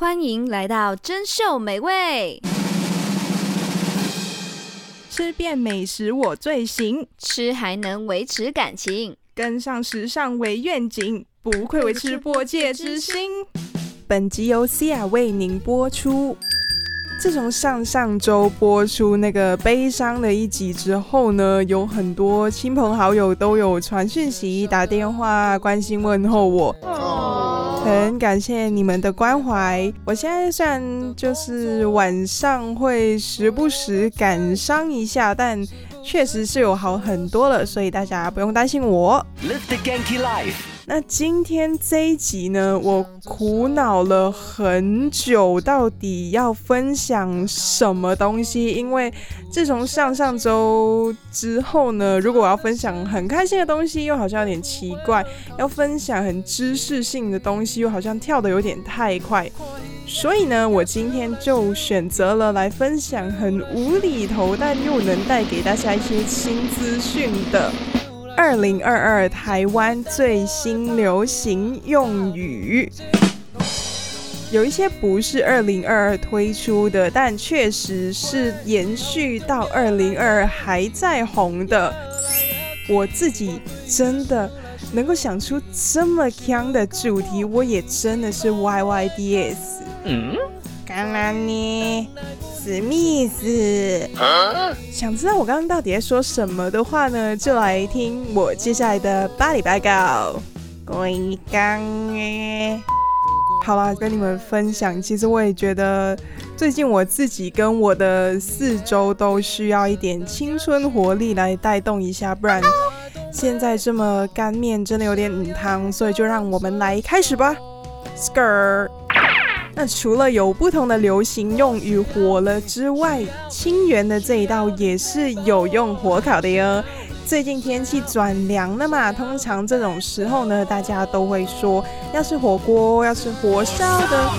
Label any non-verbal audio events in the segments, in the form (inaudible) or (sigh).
歡迎來到珍饈美味，吃遍美食我最行，吃還能維持感情，跟上時尚為願景，不愧為吃播界之星。 (laughs) 本集由 CIA 為您播出。自從上上周播出那個悲傷的一集之後呢，有很多親朋好友都有傳訊息、打電話關心問候我，啊，很感謝你們的關懷。我現在算就是晚上會時不時感傷一下，但確實是有好很多了，所以大家不用擔心我。那今天這一集呢，我苦惱了很久，到底要分享什麼東西？因為自從上上周之後呢，如果我要分享很開心的東西，又好像有點奇怪；要分享很知識性的東西，又好像跳得有點太快。所以呢，我今天就選擇了來分享很無厘頭，但又能帶給大家一些新資訊的。二零二二台灣最新流行用語，有一些不是二零二二推出的，但確實是延續到二零二二還在紅的。我自己真的能夠想出這麼 ㄎ 一 ㄤ 的主題，我也真的是 YYDS。嗯史密斯。想知道我剛剛到底在說什麼的話呢？就來聽我接下來的八里八告。呱張耶。好啦，跟你們分享，其實我也覺得最近我自己跟我的四周都需要一點青春活力來帶動一下，不然現在這麼乾麵真的有點毋湯。所以就讓我們來開始吧，Skr。Skirt 那除了有不同的流行用語火了之外，清源的這一道也是有用火烤的喲。最近天氣轉涼了嘛，通常這種時候呢，大家都會說，要吃火鍋，要吃火燒的。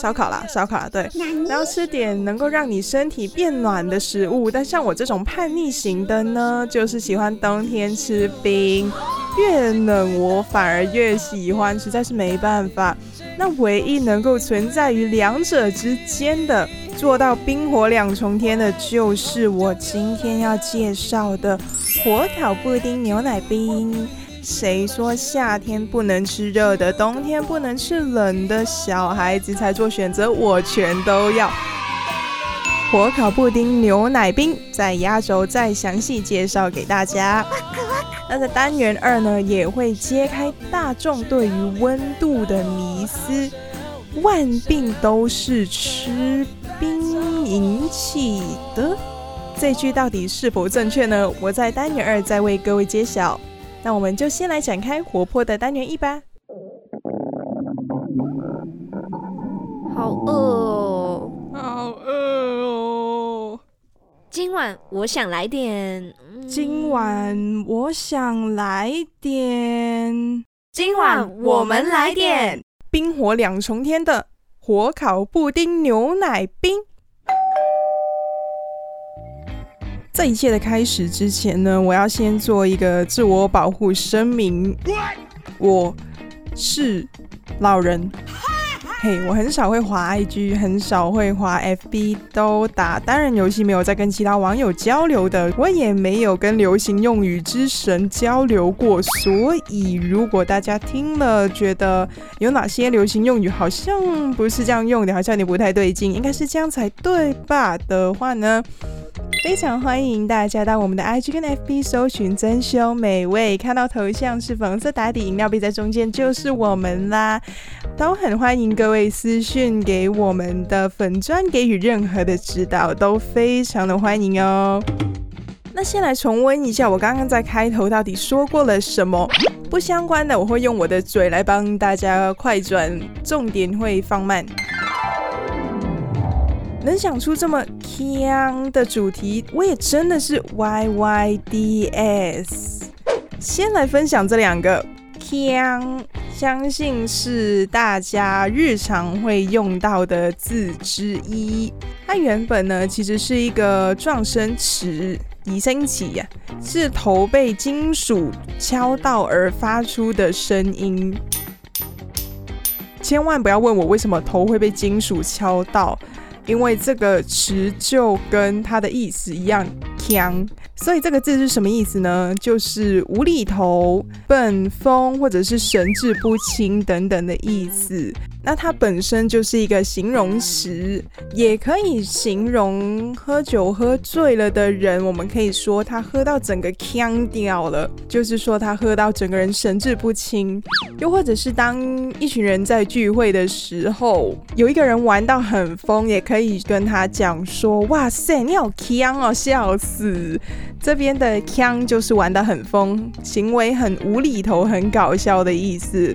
燒烤啦，燒烤啦，對，然後吃點能夠讓你身體變暖的食物。但像我這種叛逆型的呢，就是喜歡冬天吃冰，越冷我反而越喜歡，實在是沒辦法。那唯一能夠存在於兩者之間的，做到冰火兩重天的，就是我今天要介紹的火烤布丁牛奶冰。誰說夏天不能吃熱的，冬天不能吃冷的？小孩子才做選擇，我全都要。火烤布丁、牛奶冰，在壓軸再詳細介紹給大家。那個單元二呢，也會揭開大眾對於溫度的迷思。萬病都是吃冰引起的，這句到底是否正確呢？我在單元二再為各位揭曉。那我們就先來展開活潑的單元一吧。好餓哦，好餓哦！今晚我想來點，嗯，今晚我想來點，今晚我們來點冰火兩重天的火烤布丁牛奶冰。這一切的開始之前呢，我要先做一個自我保護聲明。What? 我，是老人。嘿、hey，我很少會滑 IG，很少會滑 FB，都打單人遊戲，沒有再跟其他網友交流的。我也沒有跟流行用語之神交流過。所以，如果大家聽了覺得有哪些流行用語好像不是這樣用的，好像你不太對勁，應該是這樣才對吧？的話呢？非常歡迎大家到我們的 IG 跟 FB 搜尋“珍饈美味”，看到頭像是粉紅色打底飲料杯在中間，就是我們啦。都很歡迎各位私訊給我們的粉專，給予任何的指導，都非常的歡迎哦。那先來重溫一下我剛剛在開頭到底說過了什麼不相關的，我會用我的嘴來幫大家快轉，重點會放慢。能想出這麼 ㄎ 一 ㄤ 的主題，我也真的是 YYDS。先來分享這兩個 ㄎ 一 ㄤ，相信是大家日常會用到的字之一。它原本呢，其實是一個狀聲詞，擬聲詞呀，是頭被金屬敲到而發出的聲音。千萬不要問我為什麼頭會被金屬敲到。因為這個詞就跟它的意思一樣強，所以這個字是什麼意思呢？就是無厘頭、笨、瘋或者是神志不清等等的意思。那它本身就是一個形容詞，也可以形容喝酒喝醉了的人。我們可以說他喝到整個 ㄎ 一 ㄤ 掉了，就是說他喝到整個人神志不清。又或者是當一群人在聚會的時候，有一個人玩到很瘋，也可以跟他講說：“哇塞，你好 ㄎ 一 ㄤ 哦，笑死！”這邊的 ㄎ 一 ㄤ 就是玩得很瘋，行為很無厘頭、很搞笑的意思。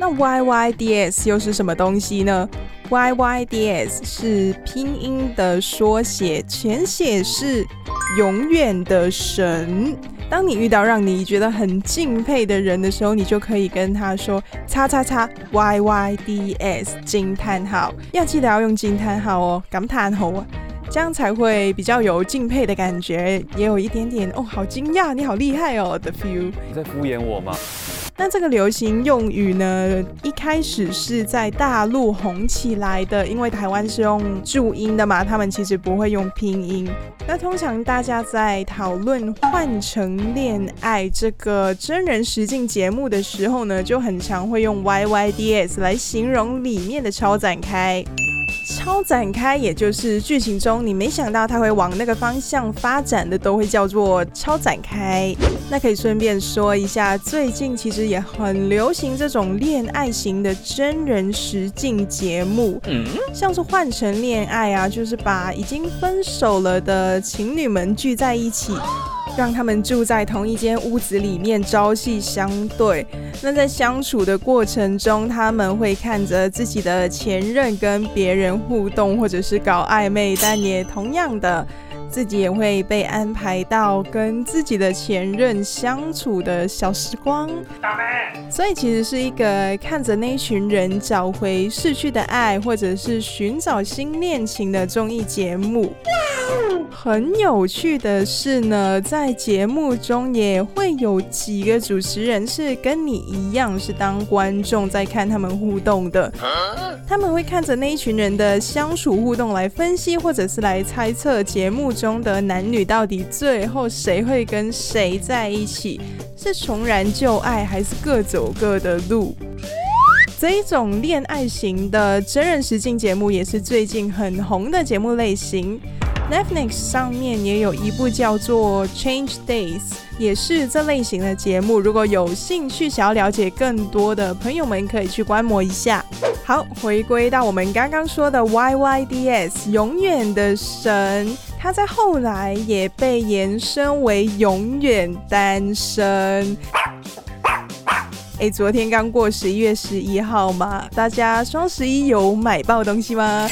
那 Y Y D S 又是什麼東西呢？Y Y D S 是拼音的縮寫，全寫是“永遠的神”。當你遇到讓你覺得很敬佩的人的時候，你就可以跟他說“叉叉叉 Y Y D S” 驚嘆號，要記得要用驚嘆號哦，感嘆號啊，這樣才會比較有敬佩的感覺，也有一點點哦，好驚訝，你好厲害哦，the feel。你在敷衍我嗎？那這個流行用語呢，一開始是在大陸紅起來的，因為台灣是用注音的嘛，他們其實不會用拼音。那通常大家在討論《換乘戀愛》這個真人實境節目的時候呢，就很常會用 Y Y D S 來形容裡面的超展開。超展開，也就是劇情中你沒想到他會往那個方向發展的，都會叫做超展開。那可以順便說一下，最近其實也很流行這種戀愛型的真人實境節目，嗯，像是《換成戀愛》啊，就是把已經分手了的情侶們聚在一起。讓他們住在同一間屋子裡面，朝夕相對。那在相處的過程中，他們會看着自己的前任跟別人互動，或者是搞曖昧，但也同樣的，自己也會被安排到跟自己的前任相處的小時光。所以其實是一個看着那一群人找回逝去的愛，或者是尋找新戀情的綜藝節目。很有趣的是呢，在節目中也會有幾個主持人是跟你一樣是當觀眾在看他們互動的，他們會看着那一群人的相處互動來分析，或者是來猜測節目中的男女到底最後誰會跟誰在一起，是重燃舊愛還是各走各的路？這一種戀愛型的真人實境節目也是最近很紅的節目類型。Netflix 上面也有一部叫做《Change Days》，也是這類型的節目。如果有興趣想要了解更多的朋友們，可以去觀摩一下。好，回歸到我們剛剛說的 YYDS 永遠的神，它在後來也被延伸為永遠單身。誒、欸，昨天剛過十一月十一號嘛，大家雙十一有買爆東西嗎？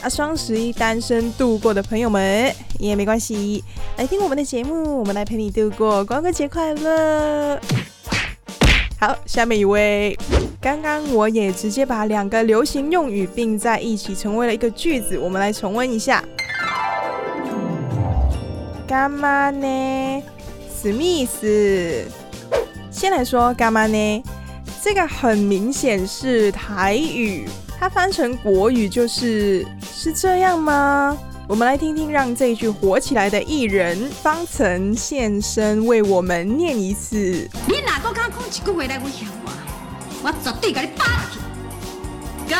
啊！雙十一單身度過的朋友們也沒關係，來聽我們的節目，我們來陪你度過光棍節快樂。好，下面一位，剛剛我也直接把兩個流行用語並在一起，成為了一個句子，我們來重溫一下。甘阿捏，史密斯。先來說甘阿捏，這個很明顯是台語。它翻成國語就是是這樣嗎？我們來聽聽讓這一句火起來的藝人方岑現身為我們念一次。你哪多敢攻擊過來我？我絕對把你扒掉！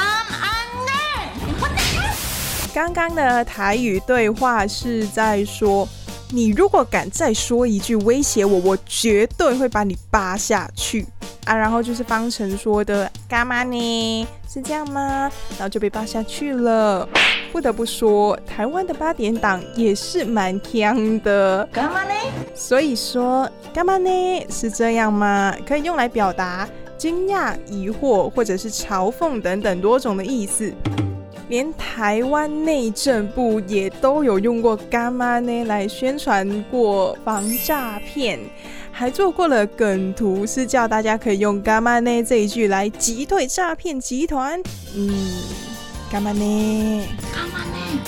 剛剛的台語對話是在說，你如果敢再說一句威脅我，我絕對會把你扒下去。啊，然後就是方程說的甘阿捏？是這樣嗎？然後就被扒下去了。不得不說，台灣的八點檔也是蠻強的。甘阿捏？所以說甘阿捏？是這樣嗎？可以用來表達驚訝、疑惑或者是嘲諷等等多種的意思。連台灣內政部也都有用過甘阿捏來宣傳過防詐騙。還做過了梗圖，是叫大家可以用“甘阿捏”這一句來擊退詐騙集團。嗯，甘阿捏？甘阿捏？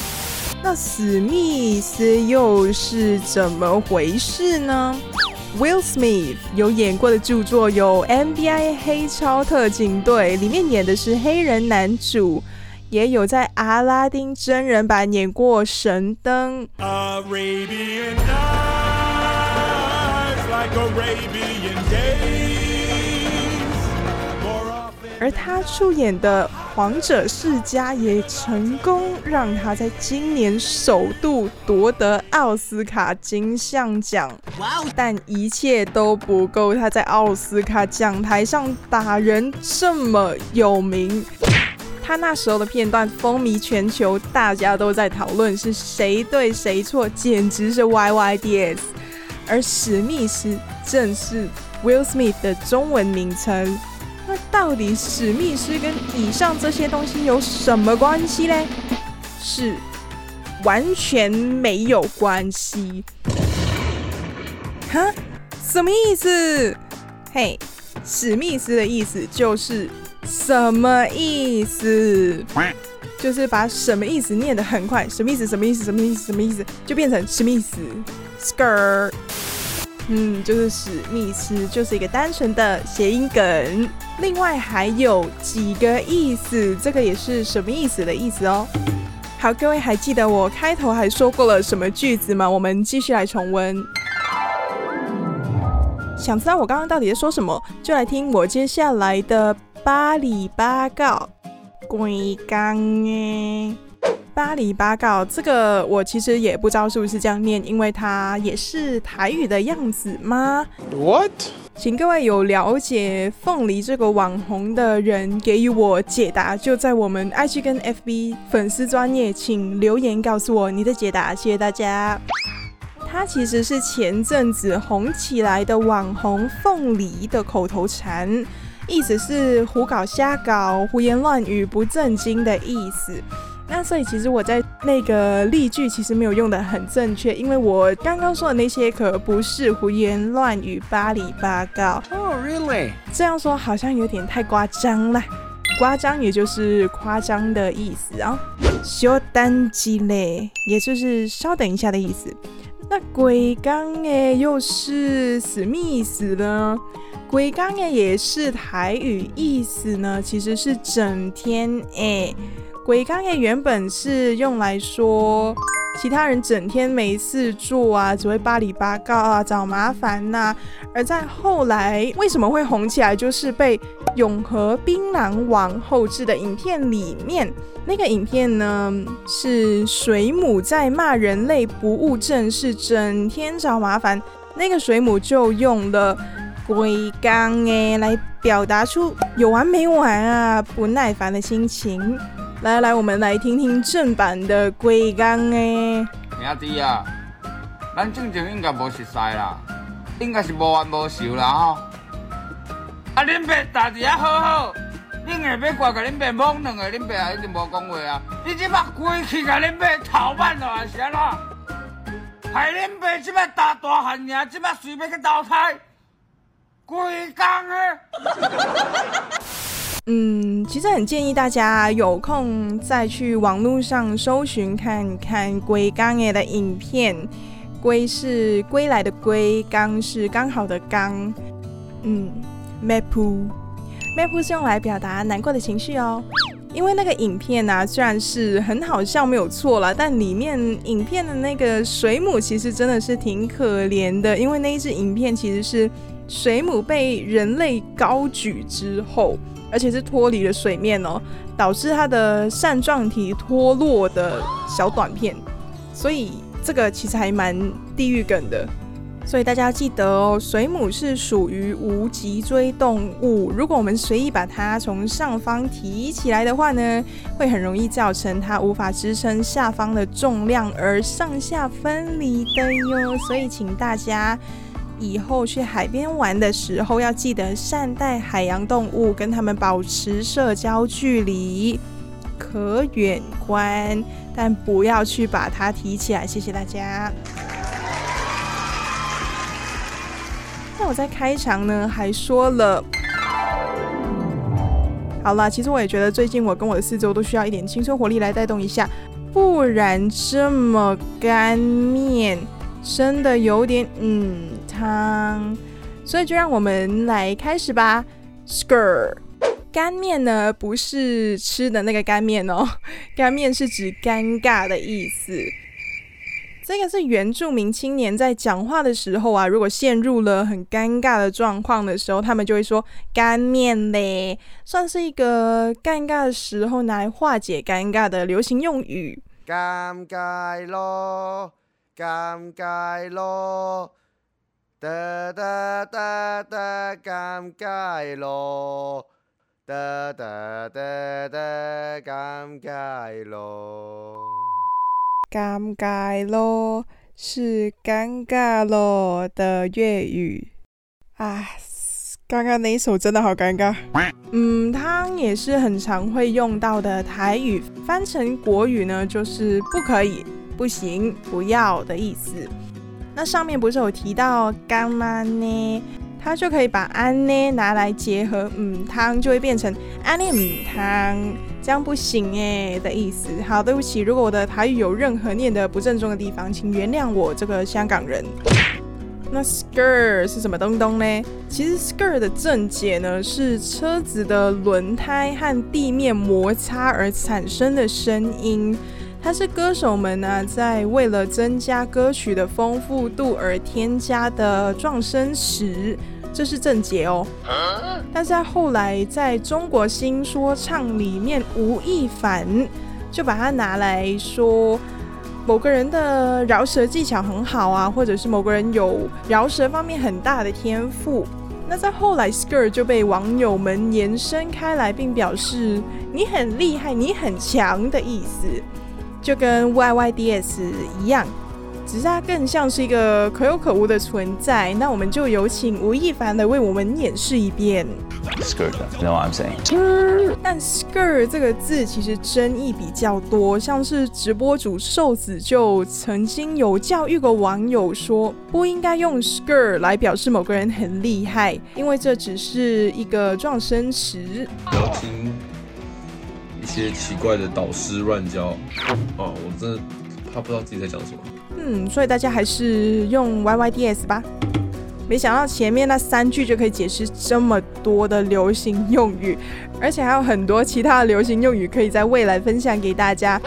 那史密斯又是怎麼回事呢？Will Smith 有演過的著作有《MBI 黑超特警隊》，裡面演的是黑人男主，也有在《阿拉丁》真人版演過神燈。而他出演的《王者世家》也成功讓他在今年首度奪得奧斯卡金像獎。但一切都不夠，他在奧斯卡獎台上打人這麼有名，他那時候的片段風靡全球，大家都在討論是誰對誰錯，簡直是 YYDS。而史密斯正是 Will Smith 的中文名稱。那到底史密斯跟以上這些東西有什麼關係呢？是完全沒有關係。哈？什麼意思？嘿、hey，史密斯的意思就是什麼意思？就是把什麼意思念得很快，史密斯什麼意思？什麼意思？什麼意思？就變成史密斯。Skr，嗯，就是史密斯，就是一個單純的諧音梗。另外還有幾個意思，這個也是什麼意思的意思哦。好，各位還記得我開頭還說過了什麼句子嗎？我們繼續來重溫。想知道我剛剛到底在說什麼，就來聽我接下來的八里八告呱張誒。八里八告，這個我其實也不知道是不是這樣念，因為它也是台語的樣子嗎？What？請各位有了解鳳梨這個網紅的人給予我解答，就在我們 IG 跟 FB 粉絲專頁，請留言告訴我你的解答，謝謝大家。它其實是前陣子紅起來的網紅鳳梨的口頭禪，意思是胡搞瞎搞、胡言亂語、不正經的意思。那所以其實我在那個例句其實沒有用得很正確，因為我剛剛說的那些可不是胡言亂語巴黎巴、八里八告。Oh, really？這樣說好像有點太誇張了。誇張也就是誇張的意思啊、哦。修旦幾咧，也就是稍等一下的意思。那鬼剛哎又是史密斯呢？鬼剛哎也是台語意思呢，其實是整天哎、欸。鬼剛也原本是用來說其他人整天沒事做啊，只會八里八告啊，找麻煩吶，啊。而在後來為什麼會紅起來，就是被永和檳榔王後製的影片裡面，那個影片呢，是水母在罵人類不務正事，是整天找麻煩。那個水母就用了鬼剛誒來表達出有完沒完啊，不耐煩的心情。來來，我們來聽聽正版的貴剛誒，兄弟啊，咱正正應該無熟識啦，應該是無冤無仇啦吼，哦嗯。啊，恁爸代志啊好好，恁下輩乖，甲恁爸捧，兩個恁爸啊已經無講話啊，你即把鬼去甲恁爸害恁爸大大漢隨便去投胎 (laughs) (laughs) 嗯，其實很建議大家有空再去網路上搜尋看看《歸剛哎》的影片，《歸是歸來的歸》，剛是剛好的剛。嗯，咩噗，咩噗是用來表達難過的情緒哦。因為那個影片啊，雖然是很好笑沒有錯了，但裡面影片的那個水母其實真的是挺可憐的，因為那一支影片其實是水母被人類高舉之後。而且是脫離了水面哦，導致它的扇狀體脫落的小短片，所以這個其實還蠻地獄梗的。所以大家要記得哦，水母是屬於無脊椎動物。如果我們隨意把它從上方提起來的話呢，會很容易造成它無法支撐下方的重量而上下分離的喲。所以請大家。以後去海邊玩的時候，要記得善待海洋動物，跟他們保持社交距離，可遠觀，但不要去把它提起來。謝謝大家。 (laughs) 那我在開場呢，還說了，好啦，其實我也覺得最近我跟我的四周都需要一點青春活力來帶動一下，不然這麼乾麵真的有點嗯。湯、嗯，所以就讓我們來開始吧。Skr，乾麵呢，不是吃的那個乾麵哦，乾麵是指尷尬的意思。這個是原住民青年在講話的時候啊，如果陷入了很尷尬的狀況的時候，他們就會說乾麵嘞，算是一個尷尬的時候拿來化解尷尬的流行用語。尷尬咯，尷尬咯。噠噠噠噠尷尬咯，噠噠噠噠尷尬咯，尷尬咯是尷尬咯的粵語。哎、啊，剛剛那一首真的好尷尬。嗯，湯也是很常會用到的台語，翻成國語呢就是不可以、不行、不要的意思。那上面不是有提到甘阿捏，它就可以把安捏拿來結合，母湯就會變成安捏母湯，這樣不行耶、欸、的意思。好，對不起，如果我的台語有任何念得不正宗的地方，請原諒我這個香港人。那 Skr 是什麼東東呢？其實 Skr 的正解呢是車子的輪胎和地面摩擦而產生的聲音。它是歌手們呢、啊，在為了增加歌曲的豐富度而添加的狀聲詞，這是正解哦。啊、但是在後來，在中國新說唱裡面，吳亦凡就把它拿來說某個人的饒舌技巧很好啊，或者是某個人有饒舌方面很大的天賦。那在後來，Skr 就被網友們延伸開來，並表示“你很厲害，你很強”的意思。就跟 YYDS 一樣，只是它更像是一個可有可無的存在。那我們就有請吳亦凡的為我們演示一遍。Skr，you know what (noise) I'm saying？、嗯、但 Skr 這個字其實爭議比較多，像是直播主瘦子就曾經有教育過網友說，不應該用 Skr 來表示某個人很厲害，因為這只是一個狀聲詞。一些奇怪的導師亂教哦、啊，我真的怕不知道自己在講什麼。嗯，所以大家還是用 Y Y D S 吧。沒想到前面那三句就可以解釋這麼多的流行用語，而且還有很多其他的流行用語可以在未來分享給大家。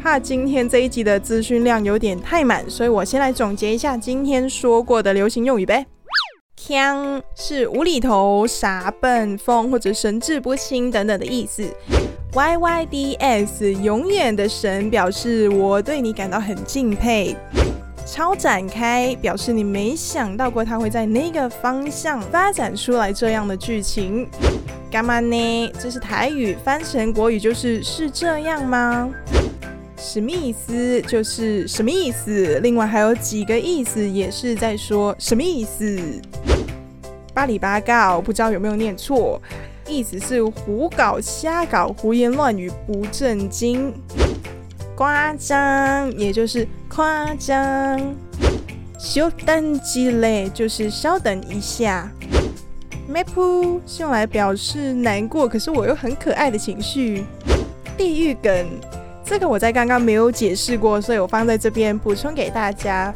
怕今天這一集的資訊量有點太滿，所以我先來總結一下今天說過的流行用語唄。ㄎ 一 ㄤ 是無厘頭、傻、笨、瘋或者神志不清等等的意思。Y Y D S 永遠的神，表示我對你感到很敬佩。超展開表示你沒想到過他會在那個方向發展出來這樣的劇情。幹嘛呢？這是台語，翻成國語就是是這樣嗎？史密斯就是什麼意思？另外還有幾個意思也是在說什麼意思？巴里巴告，不知道有沒有念錯。意思是胡搞瞎搞，胡言亂語，不正經，誇張，也就是誇張。修旦幾咧，就是稍等一下。咩噗是用來表示難過，可是我又很可愛的情緒。地獄梗，這個我在剛剛沒有解釋過，所以我放在這邊補充給大家。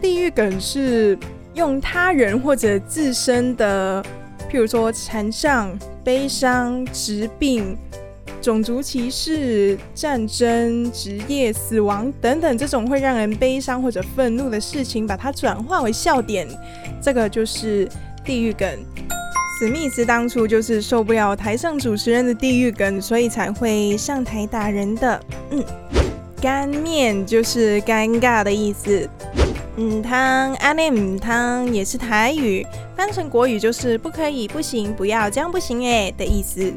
地獄梗是用他人或者自身的。譬如說，纏上、悲傷、疾病、種族歧視、戰爭、職業、死亡等等，這種會讓人悲傷或者憤怒的事情，把它轉化為笑點，這個就是地獄梗。史密斯當初就是受不了台上主持人的地獄梗，所以才會上台打人的。嗯，乾麵就是尷尬的意思。嗯，湯，安捏、嗯湯，那個嗯，湯也是台語，翻成國語就是不可以、不行、不要這樣不行哎的意思。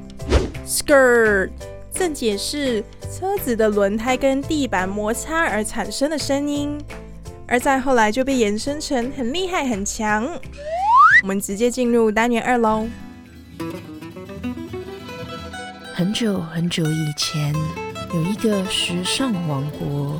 Skr，正解是車子的輪胎跟地板摩擦而產生的聲音，而在後來就被延伸成很厲害、很強。我們直接進入單元二嘍。很久很久以前，有一個時尚王國。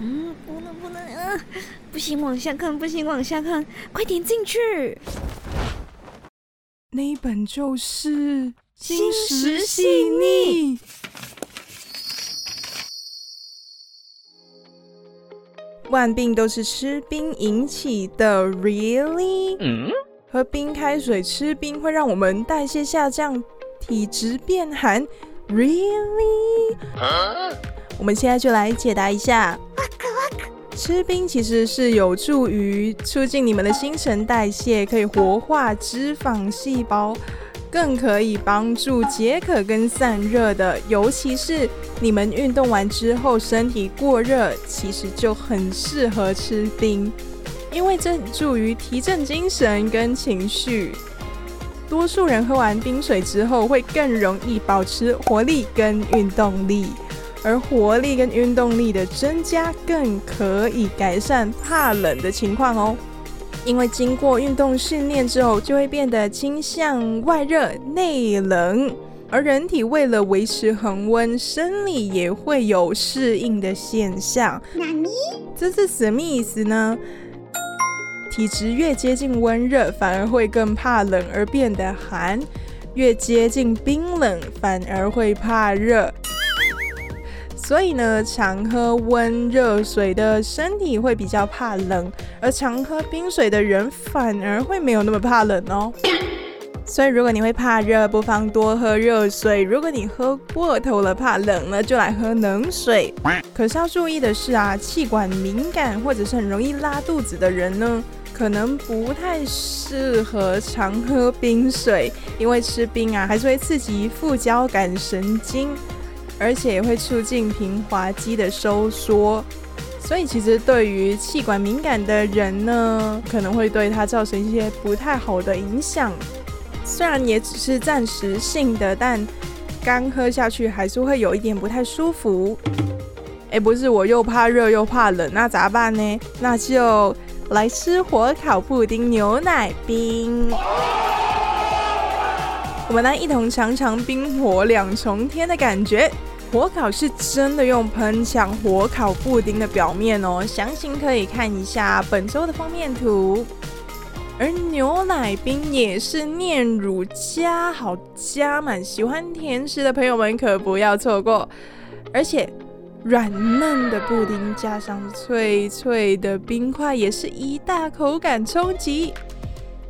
嗯，不能不能，啊，不行，往下看，不行，往下看，快點進去。那一本就是心食細膩。萬病都是吃冰引起的，Really？嗯。喝冰開水、吃冰會讓我們代謝下降、體質變寒，Really？嗯、啊。我們現在就來解答一下。吃冰其實是有助於促進你們的新陳代謝，可以活化脂肪細胞，更可以幫助解渴跟散熱的。尤其是你們運動完之後身體過熱，其實就很適合吃冰，因為這助於提振精神跟情緒。多數人喝完冰水之後會更容易保持活力跟運動力。而活力跟運動力的增加，更可以改善怕冷的情況哦。因為經過運動訓練之後，就會變得傾向外熱內冷，而人體為了維持恆溫，生理也會有適應的現象。這是什麼意思呢？體質越接近溫熱，反而會更怕冷而變得寒；越接近冰冷，反而會怕熱。所以呢，常喝溫熱水的身體會比較怕冷，而常喝冰水的人反而會沒有那麼怕冷哦。所以如果你會怕熱，不妨多喝熱水；如果你喝過頭了怕冷了，就來喝冷水。可是要注意的是啊，氣管敏感或者是很容易拉肚子的人呢，可能不太適合常喝冰水，因為吃冰啊還是會刺激副交感神經。而且也會促進平滑肌的收縮，所以其實對於氣管敏感的人呢，可能會對它造成一些不太好的影響。雖然也只是暫時性的，但剛喝下去還是會有一點不太舒服。哎，不是，我又怕熱又怕冷，那咋辦呢？那就來吃火烤布丁牛奶冰，我們來一同嘗嘗冰火兩重天的感覺。火烤是真的用噴槍火烤布丁的表面哦，詳情可以看一下本周的封面圖。而牛奶冰也是煉乳加好加滿，喜歡甜食的朋友們可不要錯過。而且軟嫩的布丁加上脆脆的冰塊，也是一大口感衝擊。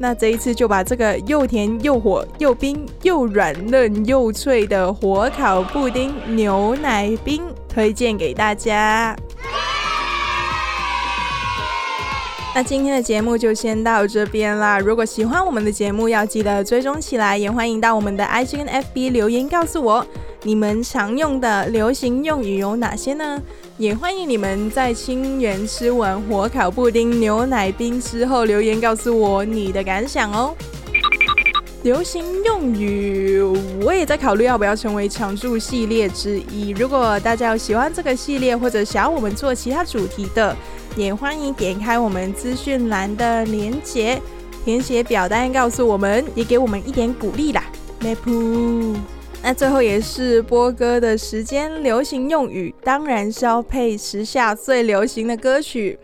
那這一次就把這個又甜又火又冰又軟嫩又脆的火烤布丁牛奶冰推薦給大家。那今天的節目就先到這邊啦，如果喜歡我們的節目，要記得追蹤起來，也歡迎到我們的 IG 跟 FB 留言告訴我。你們常用的流行用語有哪些呢？也歡迎你們在清源吃完火烤布丁牛奶冰之後留言告訴我你的感想哦。流行用語，我也在考慮要不要成為常駐系列之一。如果大家有喜歡這個系列或者想要我們做其他主題的，也歡迎點開我們資訊欄的鏈接，填寫表單告訴我們，也給我們一點鼓勵啦。咩噗。那最後也是播歌的時間，流行用語，當然是要配時下最流行的歌曲，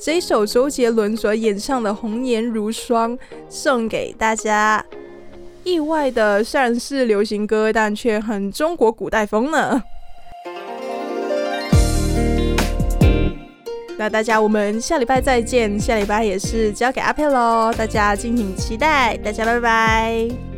這一首周杰倫所演唱的《紅顏如霜》送給大家。意外的雖然是流行歌，但卻很中國古代風呢。 (music) 那大家，我們下禮拜再見。下禮拜也是交給阿佩嘍，大家敬請期待。大家拜拜。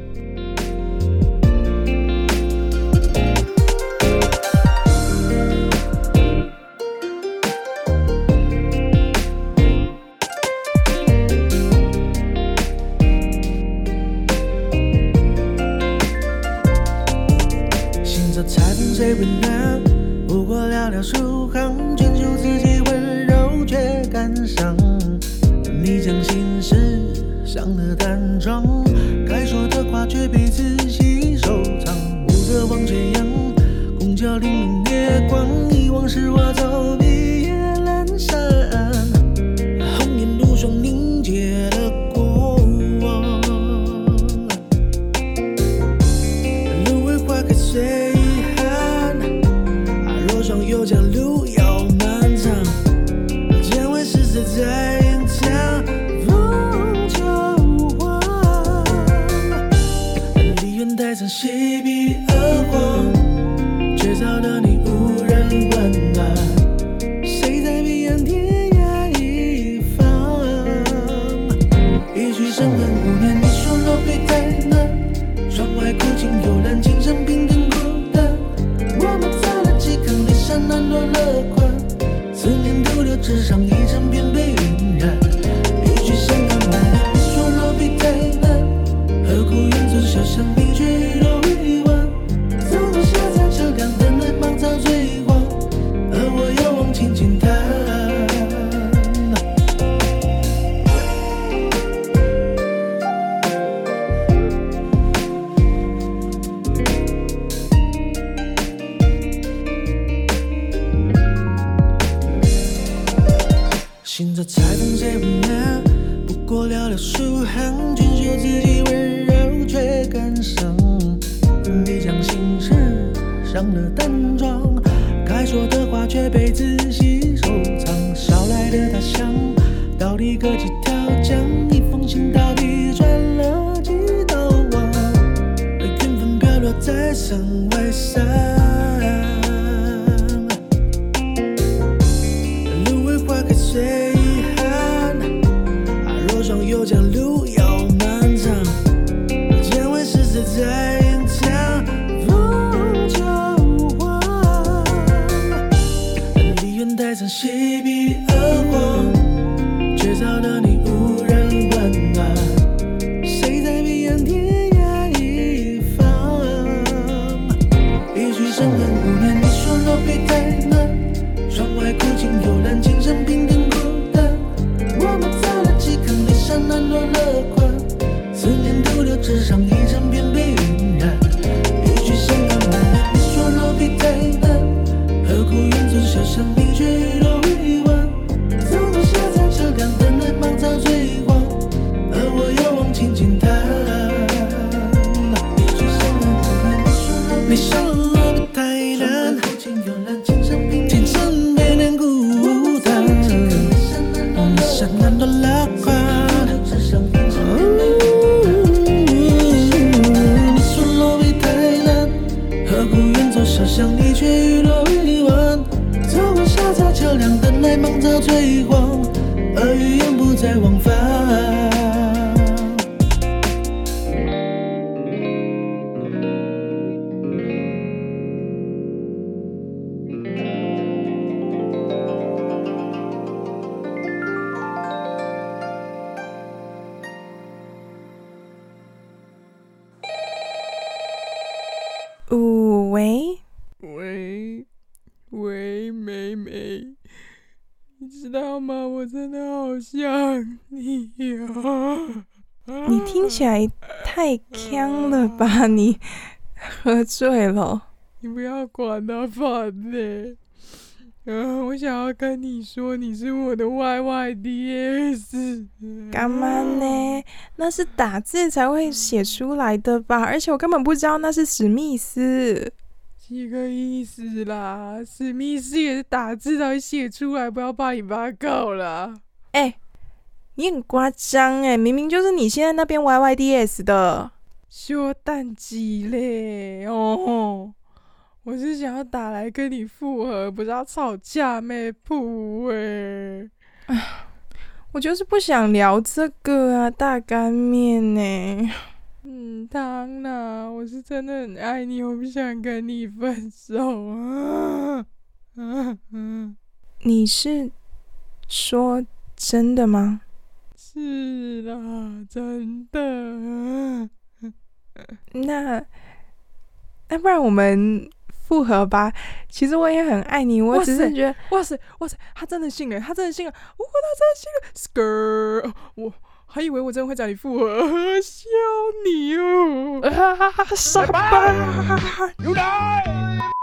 信札拆封誰為難？不過寥寥數行，娟秀字跡溫柔卻感傷。你將心事上了淡妝，該說的話卻被仔細收藏。捎來的他鄉，到底隔幾條江？一封信到底轉了幾道彎？緣分飄落在山外山。起來太 ㄎ 一 ㄤ 了吧！你喝醉了，你不要管他反呢、欸。嗯、呃，我想要跟你說，你是我的 YYDS。幹嘛呢？那是打字才會寫出來的吧？而且我根本不知道那是史密斯。幾、這個意思啦？史密斯也是打字才會寫出來，不要把你媽告了。哎、欸。你很誇張誒，明明就是你現在那邊 YYDS 的，修旦幾咧哦，我是想要打來跟你復合，不是要吵架咩噗。哎、欸，哎、啊，我就是不想聊這個啊，大乾麵誒，嗯，母湯、啊，我是真的很愛你，我不想跟你分手啊，嗯、啊、嗯、啊，你是說真的嗎？是啦，真的 (laughs) 那那不然我們複合吧？其實我也很愛你，我只是覺得，哇塞，哇塞，他真的信了，他真的信了，我、哦、他真的信了 Skr 我還以為我真的會找你複合，笑你哦、啊，傻哈牛奶。 (laughs)